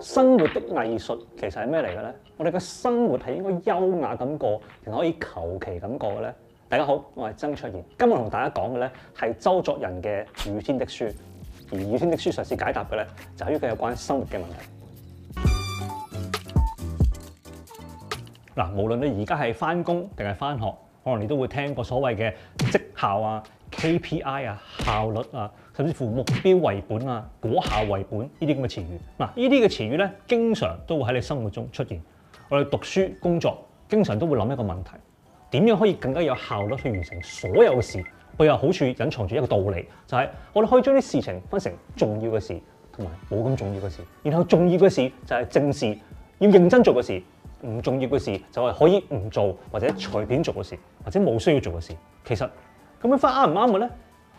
生活的藝術其實係咩嚟嘅咧？我哋嘅生活係應該優雅咁過，定可以求其咁過嘅咧？大家好，我係曾卓然，今日同大家講嘅咧係周作人嘅《雨天的書》，而《雨天的書》嘗試解答嘅咧就係於佢有關生活嘅問題。嗱，無論你而家係返工定係返學，可能你都會聽過所謂嘅績效啊。KPI 啊，效率啊，甚至乎目標為本啊，果效為本呢啲咁嘅詞語，嗱呢啲嘅詞語咧，經常都會喺你生活中出現。我哋讀書工作，經常都會諗一個問題：點樣可以更加有效率去完成所有嘅事？背後好處隱藏住一個道理，就係我哋可以將啲事情分成重要嘅事同埋冇咁重要嘅事。然後重要嘅事就係正事，要認真做嘅事；唔重要嘅事就係可以唔做或者隨便做嘅事，或者冇需要做嘅事。其實。咁樣返啱唔啱嘅咧？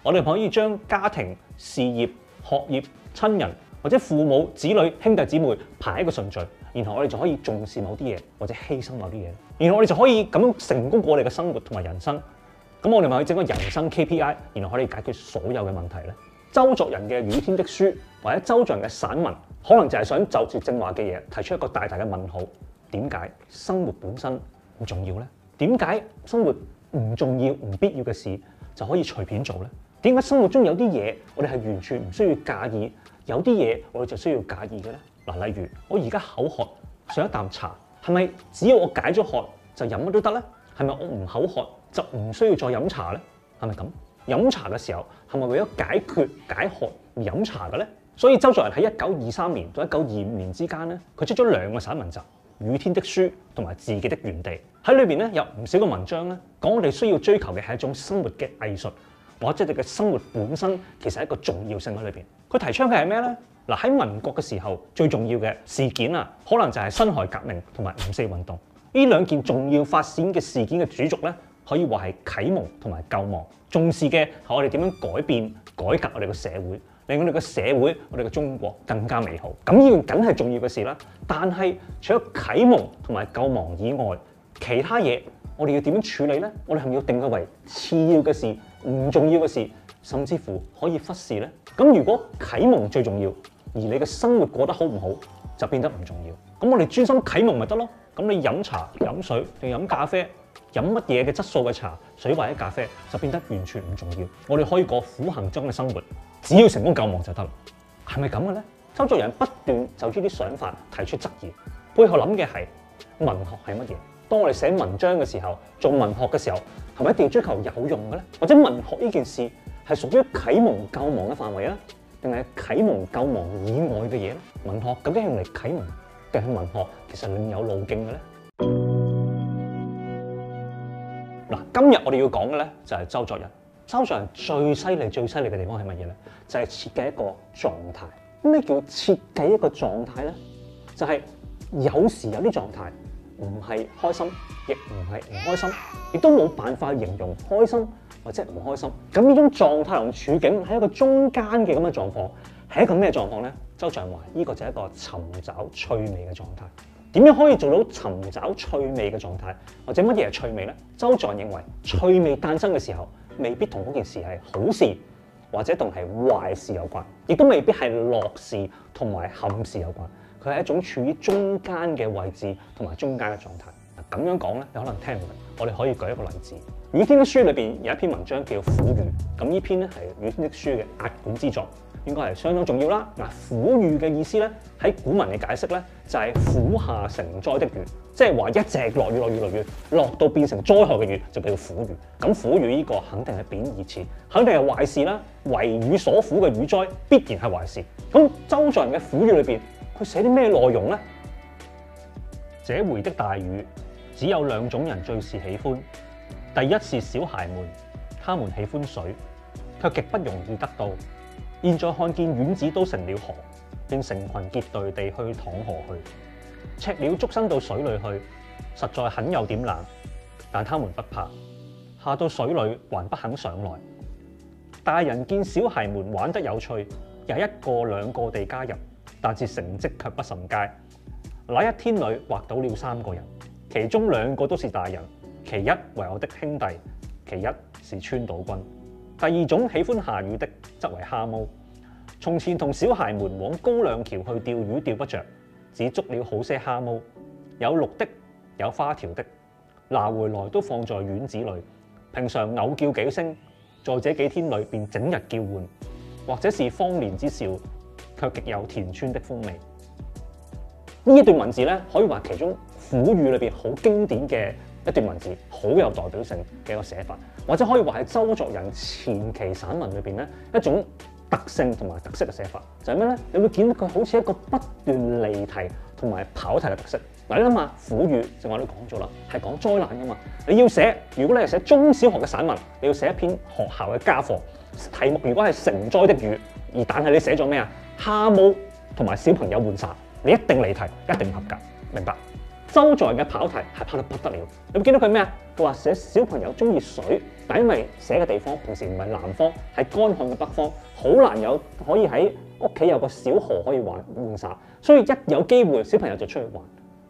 我哋可以將家庭、事業、學業、親人或者父母、子女、兄弟姊妹排一個順序，然後我哋就可以重視某啲嘢，或者犧牲某啲嘢，然後我哋就可以咁樣成功過你嘅生活同埋人生。咁我哋咪可以整個人生 KPI，然後可以解決所有嘅問題咧。周作人嘅《雨天的書》或者周作人嘅散文，可能就係想就住正話嘅嘢提出一個大大嘅問號：點解生活本身唔重要咧？點解生活唔重要、唔必要嘅事就可以隨便做呢？點解生活中有啲嘢我哋係完全唔需要介意，有啲嘢我哋就需要介意嘅呢，嗱，例如我而家口渴，上一啖茶，係咪只要我解咗渴就飲乜都得呢？係咪我唔口渴就唔需要再飲茶呢？係咪咁飲茶嘅時候係咪為咗解決解渴而飲茶嘅呢，所以周作人喺一九二三年到一九二五年之間呢，佢出咗兩個散文集。雨天的書同埋自己的園地，喺裏邊咧，有唔少個文章咧，講我哋需要追求嘅係一種生活嘅藝術，或者你嘅生活本身其實係一個重要性喺裏邊。佢提倡嘅係咩咧？嗱，喺民國嘅時候，最重要嘅事件啊，可能就係辛亥革命同埋五四運動。呢兩件重要發展嘅事件嘅主軸咧，可以話係啟蒙同埋救亡，重視嘅係我哋點樣改變、改革我哋個社會。令我哋嘅社會，我哋嘅中國更加美好。咁呢樣梗係重要嘅事啦。但係除咗啟蒙同埋救亡以外，其他嘢我哋要點樣處理呢？我哋係咪要定位為次要嘅事、唔重要嘅事，甚至乎可以忽視呢？咁如果啟蒙最重要，而你嘅生活過得好唔好就變得唔重要，咁我哋專心啟蒙咪得咯？咁你飲茶、飲水定飲咖啡，飲乜嘢嘅質素嘅茶、水或者咖啡就變得完全唔重要。我哋可以過苦行僧嘅生活。只要成功救亡就得啦，係咪咁嘅咧？周作人不斷就呢啲想法提出質疑，背後諗嘅係文學係乜嘢？當我哋寫文章嘅時候，做文學嘅時候，係咪一定要追求有用嘅咧？或者文學呢件事係屬於啟蒙救亡嘅範圍啊？定係啟蒙救亡以外嘅嘢咧？文學究竟係用嚟啟蒙定係文學，其實另有路徑嘅咧？嗱， 今日我哋要講嘅咧就係周作人。周翔最犀利、最犀利嘅地方係乜嘢咧？就係設計一個狀態。咩叫設計一個狀態咧？就係、是、有時有啲狀態唔係開心，亦唔係唔開心，亦都冇辦法形容開心或者唔開心。咁呢種狀態同處境喺一個中間嘅咁嘅狀況，係一個咩狀況咧？周翔話呢個就係一個尋找趣味嘅狀態，點樣可以做到尋找趣味嘅狀態或者乜嘢係趣味咧？周翔認為趣味誕生嘅時候。未必同嗰件事係好事，或者同係壞事有關，亦都未必係樂事同埋憾事有關。佢係一種處於中間嘅位置同埋中間嘅狀態。嗱，咁樣講咧，你可能聽唔明。我哋可以舉一個例子，《雨天的書》裏邊有一篇文章叫《苦雨》，咁呢篇咧係《雨天的書》嘅壓卷之作。應該係相當重要啦。嗱、啊，苦雨嘅意思咧，喺古文嘅解釋咧，就係、是、苦下成災的雨，即係話一直落雨落雨落雨，落到變成災害嘅雨就叫做苦雨。咁苦雨呢個肯定係貶義詞，肯定係壞事啦。為雨所苦嘅雨災必然係壞事。咁周作人嘅苦雨裏邊，佢寫啲咩內容咧？這回的大雨，只有兩種人最是喜歡。第一是小孩們，他們喜歡水，卻極不容易得到。現在看見院子都成了河，便成群結隊地去淌河去。赤鳥捉身到水裏去，實在很有點難，但他們不怕。下到水裏還不肯上來。大人見小孩們玩得有趣，有一個兩個地加入，但是成績卻不甚佳。那一天裏劃到了三個人，其中兩個都是大人，其一為我的兄弟，其一是川島君。第二種喜歡下雨的，則為蝦毛。從前同小孩們往高亮橋去釣魚，釣不着，只捉了好些蝦毛，有綠的，有花條的，拿回來都放在院子裏。平常偶叫幾聲，在這幾天裏便整日叫喚，或者是荒年之兆，卻極有田村的風味。呢一段文字咧，可以話其中《苦雨》裏邊好經典嘅一段文字，好有代表性嘅一個寫法。或者可以話係周作人前期散文裏邊咧一種特性同埋特色嘅寫法，就係咩咧？你會見到佢好似一個不斷離題同埋跑題嘅特色。嗱，你諗下，苦雨正話都講咗啦，係講災難嘅嘛。你要寫，如果你係寫中小學嘅散文，你要寫一篇學校嘅家課題目，如果係成災的雨，而但係你寫咗咩啊？蝦毛同埋小朋友換衫，你一定離題，一定唔合格，明白？周作人嘅跑題係跑得不得了。你見到佢咩啊？佢話寫小朋友鍾意水，但因為寫嘅地方平時唔係南方，係乾旱嘅北方，好難有可以喺屋企有個小河可以玩玩耍。所以一有機會，小朋友就出去玩。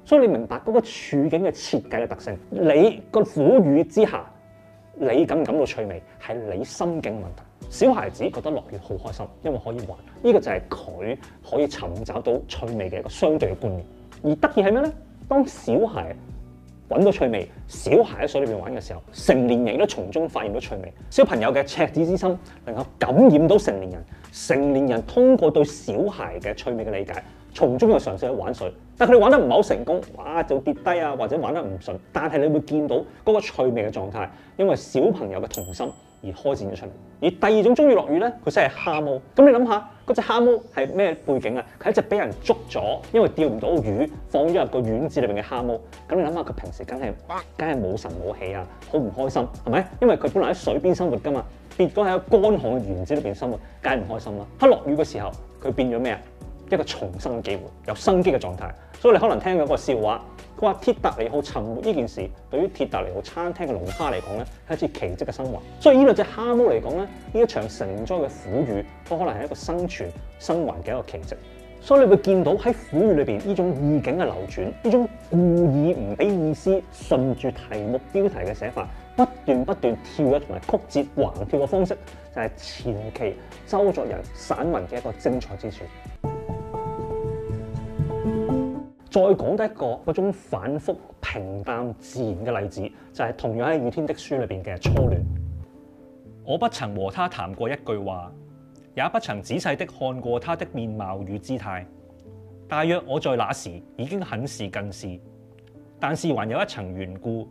所以你明白嗰、那個處境嘅設計嘅特性。你個苦雨之下，你感唔感到趣味，係你心境問題。小孩子覺得落雨好開心，因為可以玩。呢、這個就係佢可以尋找到趣味嘅一個相對嘅觀念。而得意係咩咧？當小孩揾到趣味，小孩喺水裏面玩嘅時候，成年人都從中發現到趣味。小朋友嘅赤子之心能夠感染到成年人，成年人通過對小孩嘅趣味嘅理解，從中又嘗試去玩水。但佢哋玩得唔係好成功，哇就跌低啊，或者玩得唔順。但係你會見到嗰個趣味嘅狀態，因為小朋友嘅童心。而開展咗出嚟。而第二種中意落雨咧，佢先係蝦毛。咁你諗下，嗰隻蝦毛係咩背景啊？佢一隻俾人捉咗，因為釣唔到魚，放咗入個院子裏邊嘅蝦毛。咁你諗下，佢平時梗係梗係冇神冇氣啊，好唔開心，係咪？因為佢本來喺水邊生活㗎嘛，變咗喺一個乾旱嘅園子裏邊生活，梗係唔開心啦、啊。一落雨嘅時候，佢變咗咩啊？一個重生機會，有生機嘅狀態，所以你可能聽過一個笑話，佢話鐵達尼號沉沒呢件事對於鐵達尼號餐廳嘅龍蝦嚟講咧係一次奇蹟嘅生還。所以呢兩隻蝦烏嚟講咧呢一場成災嘅苦雨都可能係一個生存生還嘅一個奇蹟。所以你會見到喺苦雨裏邊呢種意境嘅流轉，呢種故意唔俾意思順住題目標題嘅寫法不斷不斷跳躍同埋曲折橫跳嘅方式，就係、是、前期周作人散文嘅一個精彩之處。再講得一個嗰種反覆平淡自然嘅例子，就係同樣喺《雨天的書》裏邊嘅初戀。我不曾和他談過一句話，也不曾仔細的看過他的面貌與姿態。大約我在那時已經很是近視，但是還有一層緣故，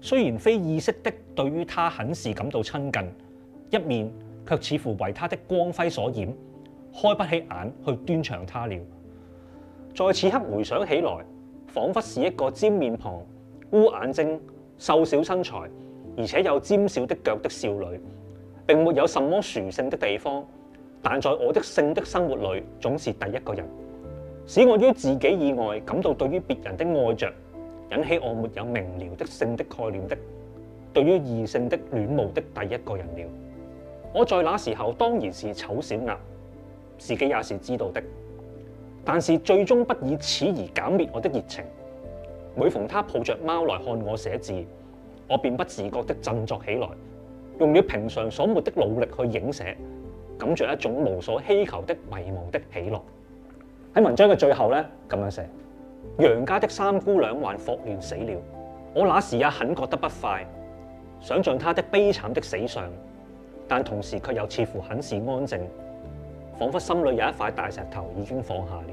雖然非意識的對於他很是感到親近，一面卻似乎為他的光輝所掩，開不起眼去端詳他了。在此刻回想起來，仿佛是一個尖面龐、烏眼睛、瘦小身材，而且有尖小的腳的少女。並沒有什麼殊勝的地方，但在我的性的生活裏總是第一個人，使我於自己以外感到對於別人的愛着，引起我沒有明了的性的概念的，對於異性的戀慕的第一個人了。我在那時候，當然是醜小鴨，自己也是知道的。但是最終不以此而減滅我的熱情。每逢他抱着貓來看我寫字，我便不自覺的振作起來，用了平常所沒的努力去影寫，感着一種無所希求的迷惘的喜樂。喺文章嘅最後咧，咁樣寫：楊家的三姑娘還霍亂死了，我那時也很覺得不快，想象他的悲慘的死相，但同時卻又似乎很是安靜。仿佛心裏有一塊大石頭已經放下了，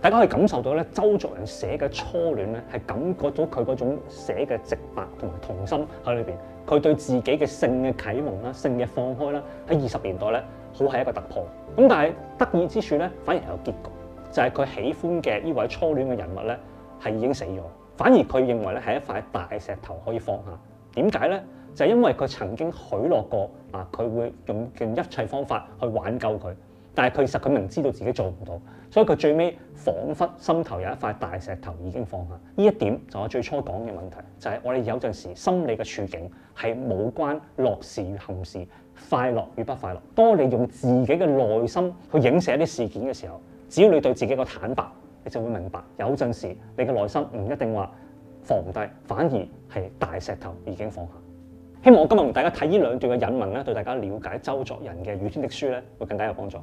大家可以感受到咧，周作人寫嘅初戀咧，係感覺到佢嗰種寫嘅直白同埋童心喺裏邊，佢對自己嘅性嘅啟蒙啦、性嘅放開啦，喺二十年代咧，好係一個突破。咁但係得意之處咧，反而係有結局，就係佢喜歡嘅呢位初戀嘅人物咧，係已經死咗，反而佢認為咧係一塊大石頭可以放下呢。點解咧？就因為佢曾經許諾過啊，佢會用盡一切方法去挽救佢，但係其實佢明知道自己做唔到，所以佢最尾仿佛心頭有一塊大石頭已經放下。呢一點就我最初講嘅問題，就係、是、我哋有陣時心理嘅處境係冇關樂事與憾事、快樂與不快樂，當你用自己嘅內心去影射一啲事件嘅時候，只要你對自己個坦白，你就會明白有陣時你嘅內心唔一定話放唔低，反而係大石頭已經放下。希望我今日同大家睇呢兩段嘅引文咧，對大家了解周作人嘅《雨天的書》咧，會更加有幫助。